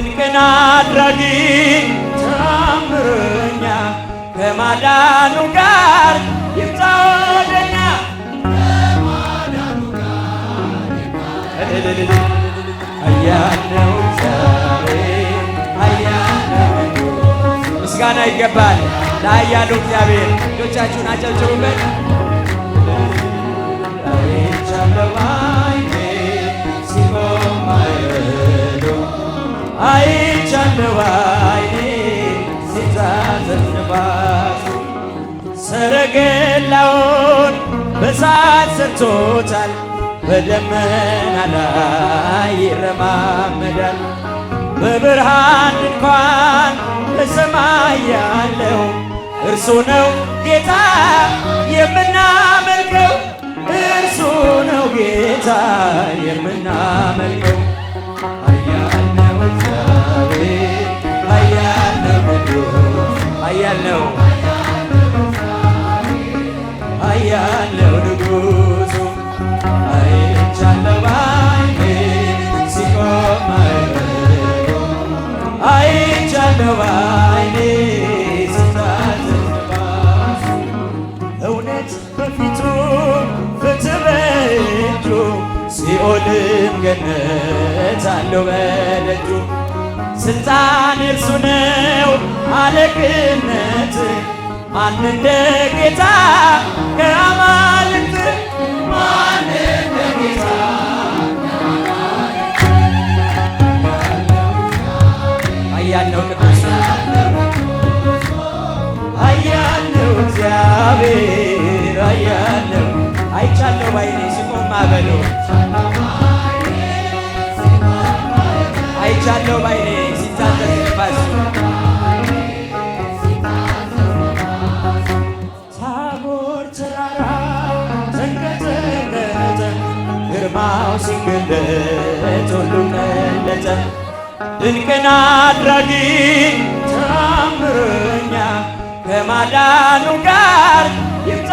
ድንቅን አድራጊ ታምረኛ ከማዳኑ ጋር ይምጣ ወደኛ አያነው ዛሬ አያነው ምስጋና ይገባል ለአያሉ እግዚአብሔር እጆቻችሁን አጨብጭቡበት። በዓይኔ ሲታተት ሰረገላውን በሳት ሰርቶታል። በደመና ላይ ይረማመዳል። በብርሃን ድንኳን በሰማይ ያለው እርሱ ነው ጌታ የምናመልከው እርሱ ነው ጌታ የምናመልከው አለው በደጁ ስልጣን እርሱ ነው አለቅነት ማን እንደ ጌታ ከአማልክት ማን እንደ ጌታ አያለው ቅዱስ አያለው እግዚአብሔር አያለው አይቻለው ባይኔ ሲቆም አበለው አለው ባይኔ ሲታጠቅ ንፋስ ታቦር ተራራ ተንቀጠቀጠ ግርማው ሲገለጥ ሁሉ ቀለጠ። ድንቅን አድራጊ ተአምረኛ ከማዳኑ ጋር ይምጣ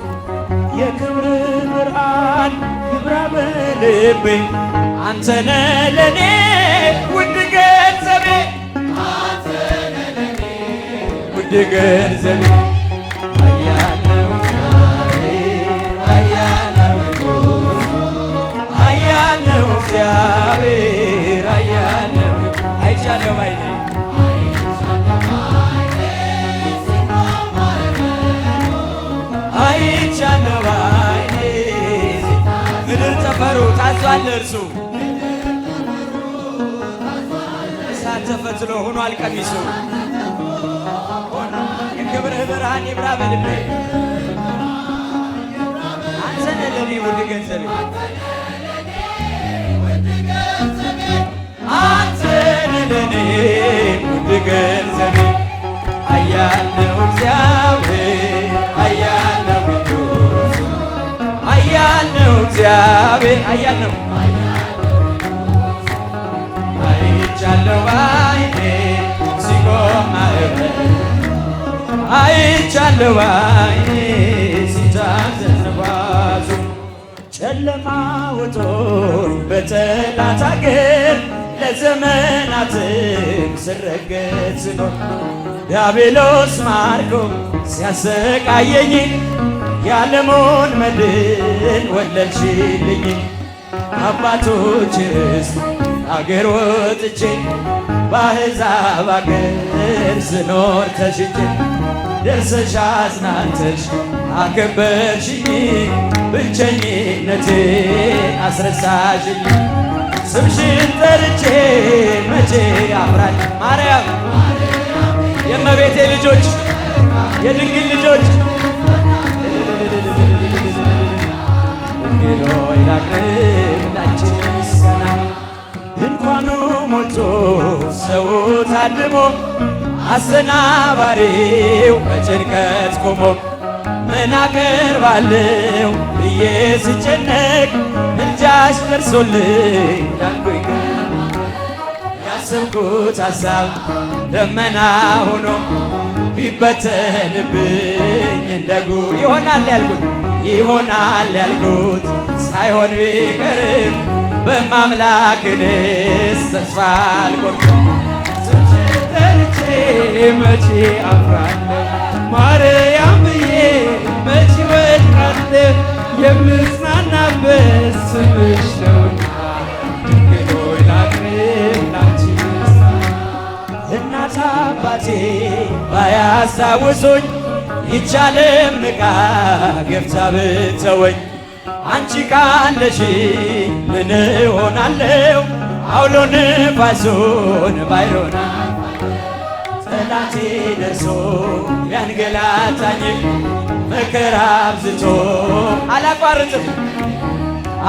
የክብር ብርሃን ይብራ በልቤ ለኔ ውድ ገንዘቤ ውድ ገንዘቤ አያለው እግዚአብሔር አያለው አይቻለው ታዟል እርሱ እሳት ተፈትሎ ሆኗል ቀሚሱ የክብርህ ብርሃን ይብራ በልቤ አንተነ ለኔ ውድ ገንዘቤ አንተነ ለኔ ውድ ገንዘቤ አያለው እግዚአብሔር እግዚአብሔር ኃያል ነው። አይቻለሁ ባይኔ ሲቆም ጨለማ በጠላት አገር ለዘመናትም ዲያብሎስ ማርኮ ሲያሰቃየኝ ያለሞን መድን ወለድሽልኝ አባቶች አገር ወጥቼ ባሕዛብ አገር ስኖር ተሽቼ ደርሰሽ አጽናንተሽ አከበርሽኝ ብቸኝነቴ አስረሳሽኝ ስምሽን ጠርቼ መቼ አፍራኝ ማርያም የእመቤቴ ልጆች የድንግል ልጆች ብሎ ያቅርብ ላችን ድንኳኑ ሞልቶ ሰው ታድሞ አሰናባሪው በጭንቀት ቆሞ ምን አቀርባለሁ ብዬ ስጨነቅ ምልጃሽ ደርሶልኝ ዳንኩኝ ያሰብኩት ሀሳብ ደመና ሆኖ ቢበተንብኝ እንደ ጉድ ይሆናል ያልኩት ይሆናል ያልኩት ሳይሆን ቢቀርም በማምላክንስ ተስፋ አልቆርጥም። መቼ አፍራለሁ ማር ባያስታውሱኝ ይቻለም ንቃ ገብታ ብትተወኝ አንቺ ካለሽ ምን ሆናለሁ? አውሎ ንፋሱን ባይሮና ጠላቴ ደርሶ ያንገላታኝ መከራ አብዝቶ አላቋርጥም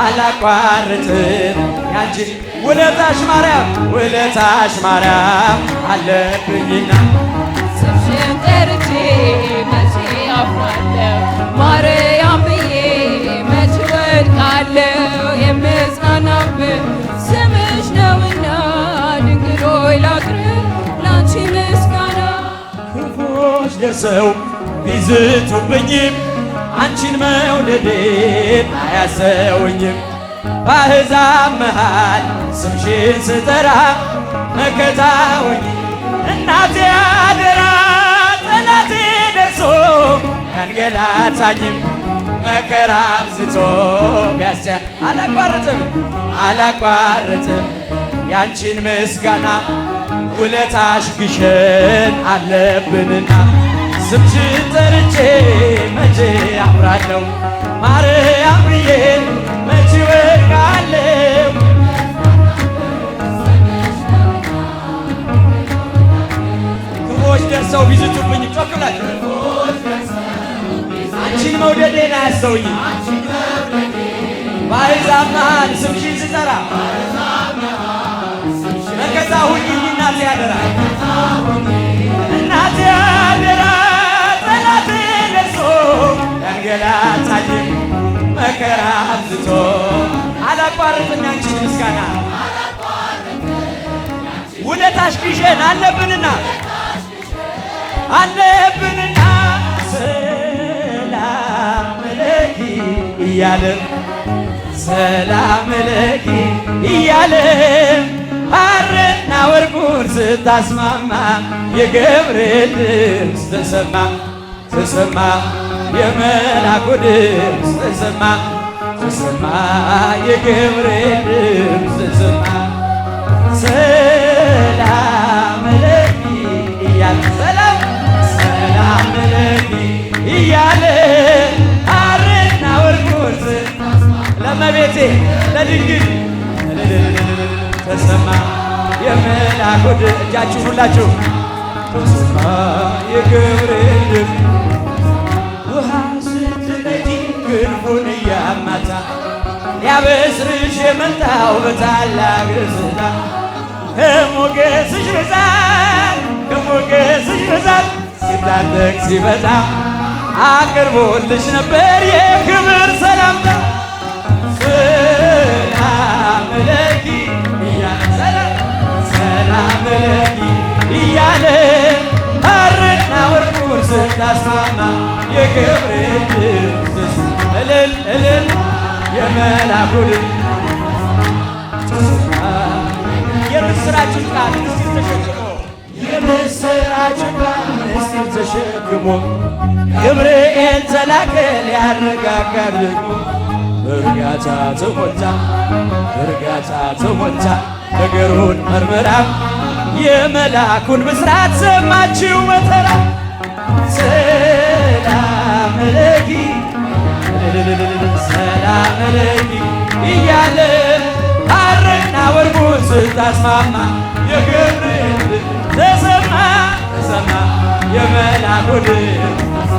አላቋርጥም ያንቺ ውለታሽ ማርያም ውለታሽ ማርያም አለብኝና መቼ አፍራለሁ ማርያም ብዬ መች ወድቃለሁ የምጽናናብን ስምሽ ነውና ምስጋና ክፉዎች ደርሰው ቢዝቱብኝም አንቺን መውደዴን አያሰውኝም ባሕዛብ መሃል ስምሽን ስጠራ መከታወኝ እናቴ አደራ ጉዳቴ ደርሶ ያንገላታኝም መከራ አብዝቶ ቢያስያ አላቋርጥም አላቋርጥም ያንቺን ምስጋና ውለታሽ ግሸን አለብንና ስምሽን ጠርቼ መቼ አምራለሁ ማርያም ብዬ መቼ ወድቃለሁ ክፉዎች ደርሰው ቢዝቱብኝ፣ ጮክ ብላችሁ አንቺን መውደዴን አያስተውኝ በአሕዛብ መሃል ስምሽን ስጠራ መከታ ሁኝ እናቴ ያደራ እናቴ ያደራ ጠላቴ ደርሶ ያንገላታኝ መከራ አብዝቶ አላቋርጥም ያንቺን ምስጋና ውለታሽ ግሸን አለብንና አለብንና ሰላም ለኪ እያለ ሰላም ለኪ እያለ ሐርና ወርቁን ስታስማማ የገብርኤል ድምፅ ተሰማ ተሰማ የመላኩ ድምፅ ተሰማ ተሰማ የገብርኤል ድምፅ ድንግል ተሰማ የመልአኩ ድምፅ እጃችሁ ሁላችሁ ተሰማ የገብርኤል ድምፅ ውሃ ስትነጂ ግንቡን እያማታ ሊያበስርሽ የመጣው በታላቅ ደስታ ከሞገስሽ ብዛት ከሞገስሽ ብዛት ሲታደግ ሲበዛ አቅርቦልሽ ነበር የክብር ሰላምታ ሰላም ለኪ እያለ ሐርና ወርቁን ስታስማማ የክብር ድምፅ እልል እልል የመላኩ የምስራችን ቃል ምስጢር ተሸክሞ የምስራችን ቃል ምስጢር ተሸክሞ ያረጋጋል በእርጋታ ተሞልታ በእርጋታ ተሞልታ ነገሩን መርምራ የመልአኩን ብስራት ሰማችው በተራ ሰላም ለኪ ሰላም ለኪ እያለ ሐርና ወርቁን ስታስማማ የገብርኤል ተሰማ ተሰማ የመልአኩ ድምፅ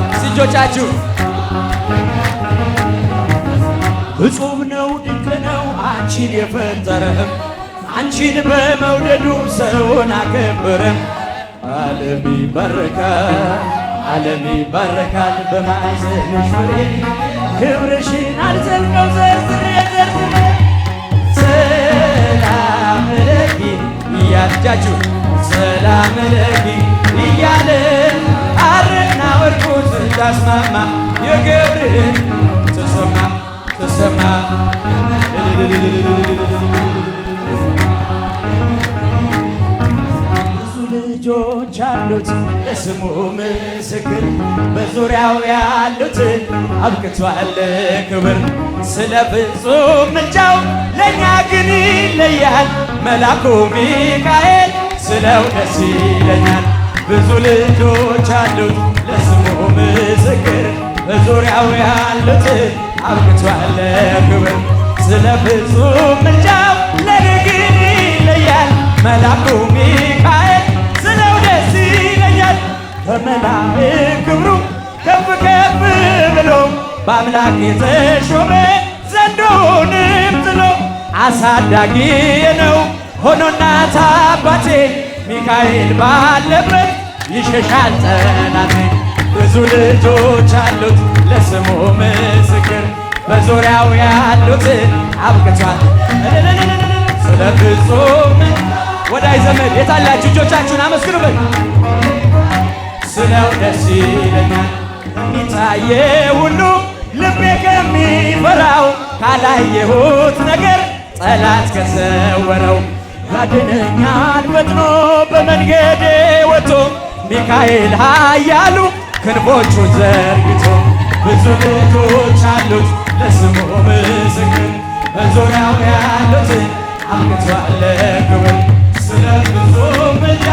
ፍጹም ነው፣ ድንቅ ነው አንቺን የፈጠረም አንቺን በመውደዱ ሰውን አከበረም። ዓለም ይባረካል፣ ዓለም ይባረካል በማኅፀንሽ ፍሬ ክብርሽን አልዘልቀው ዘርዝሬ ዘርዝሬ ሰላም ለኪ እያልጃችሁ ሰላም ለኪ እያለን አርና ወርቁ ስታስማማ የገብርኤል ተሰማ ብዙ ልጆች አሉት ለስሙ ምስክር በዙሪያው ያሉት አብቅቷል ክብር ስለ ፍጹም ምልጃው ለእኛ ግን ይለያል መላኩ ሚካኤል ስለው ደስ ይለኛል ብዙ ልጆች አሉት ለስሙ ምስክር በዙሪያው ያሉትን አብቅቷል ክብር ስለ ፍጹም ምልጃው ለኔ ይለያል መልአኩ ሚካኤል ስለው ደስ ይለኛል በመላእክት ክብሩ ከፍ ከፍ ብሎ በአምላክ የተሾመ ዘንዶውንም ጥሎ አሳዳጊ ነው ሆኖ እናት አባቴ ሚካኤል ባለበት ይሸሻል ጠላቴ ብዙ ልጆች አሉት ለስሙ ምስክር በዙሪያው ያሉትን አብቅቷል ስለ ፍጹም ወዳይ ዘመድ የታላችሁ እጆቻችሁን አመስግኑበት። ስለው ደስ ይለኛል የሚታየ ሁሉ ልቤ ከሚፈራው ካላየሁት ነገር ጠላት ከሰወረው ያድነኛል ፈጥኖ በመንገዴ ወጥቶ ሚካኤል ኃያሉ ክንፎቹን ዘርግቶ ብዙ ቤቶች አሉት ለስሙ ምስክር በዙሪያው ያሉትን አምልቷለ ክብር ስለ ብዙ ምልጃ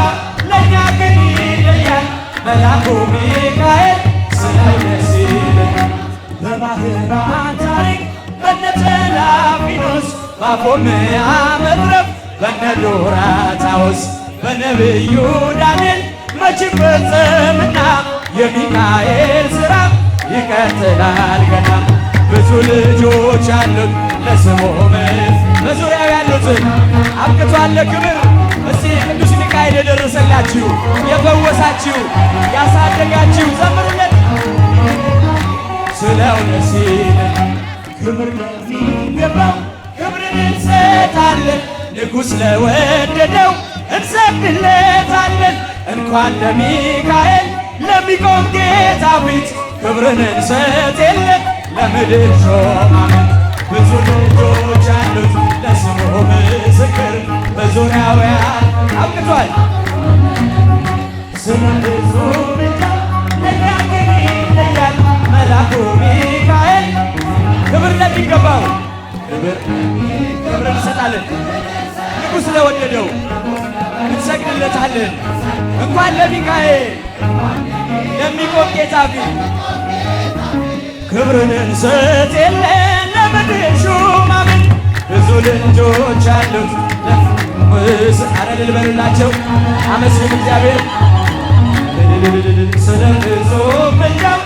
ለእኛ ግን ይለያል መልአኩ ሚካኤል ስለ ኢየሱስ ይለኛል በባህራን ታሪክ በነ ጠላፊኖስ በአፎምያ መትረፍ በነ ዶራታዎስ በነቢዩ ዳንኤል መችን ፈጸምና የሚካኤል ስራ ይቀጥላል ገና ብዙ ልጆች አሉት ለስሙ ምስ በዙሪያው ያሉትን አብቅቷል ለክብር። እስቲ ቅዱስ ሚካኤል የደረሰላችሁ የፈወሳችሁ ያሳደጋችሁ ዘምሩለት። ስለ እውነት ሲል ክብር ለሚገባው ክብርን እንሰጣለን። ንጉሥ ለወደደው እንሰግድለታለን። እንኳን ለሚካኤል ለሚቆም ጌታ ፊት ክብርን እንሰጥ የለ ለምድር ሾማመት ብዙ ልጆች አሉት ለስሙ ምስክር በዙሪያው ያለ አብቅቷል ስሙ ብዙ ብቻ ይለያል መላኩ ሚካኤል ክብር ለሚገባው ክብር ክብር እንሰጣለን ስለወደደው እንሰግድለታለን። እንኳን ለሚካኤል ለሚቆም ጌታ ፊት ክብርን እንሰጥ የለን ለምድር ሹማምን ብዙ ልጆች አሉት ምስ አረ ልልበሉላቸው አመስግን እግዚአብሔር ስለ ብዙ ምንዳው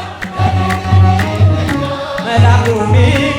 መላሩ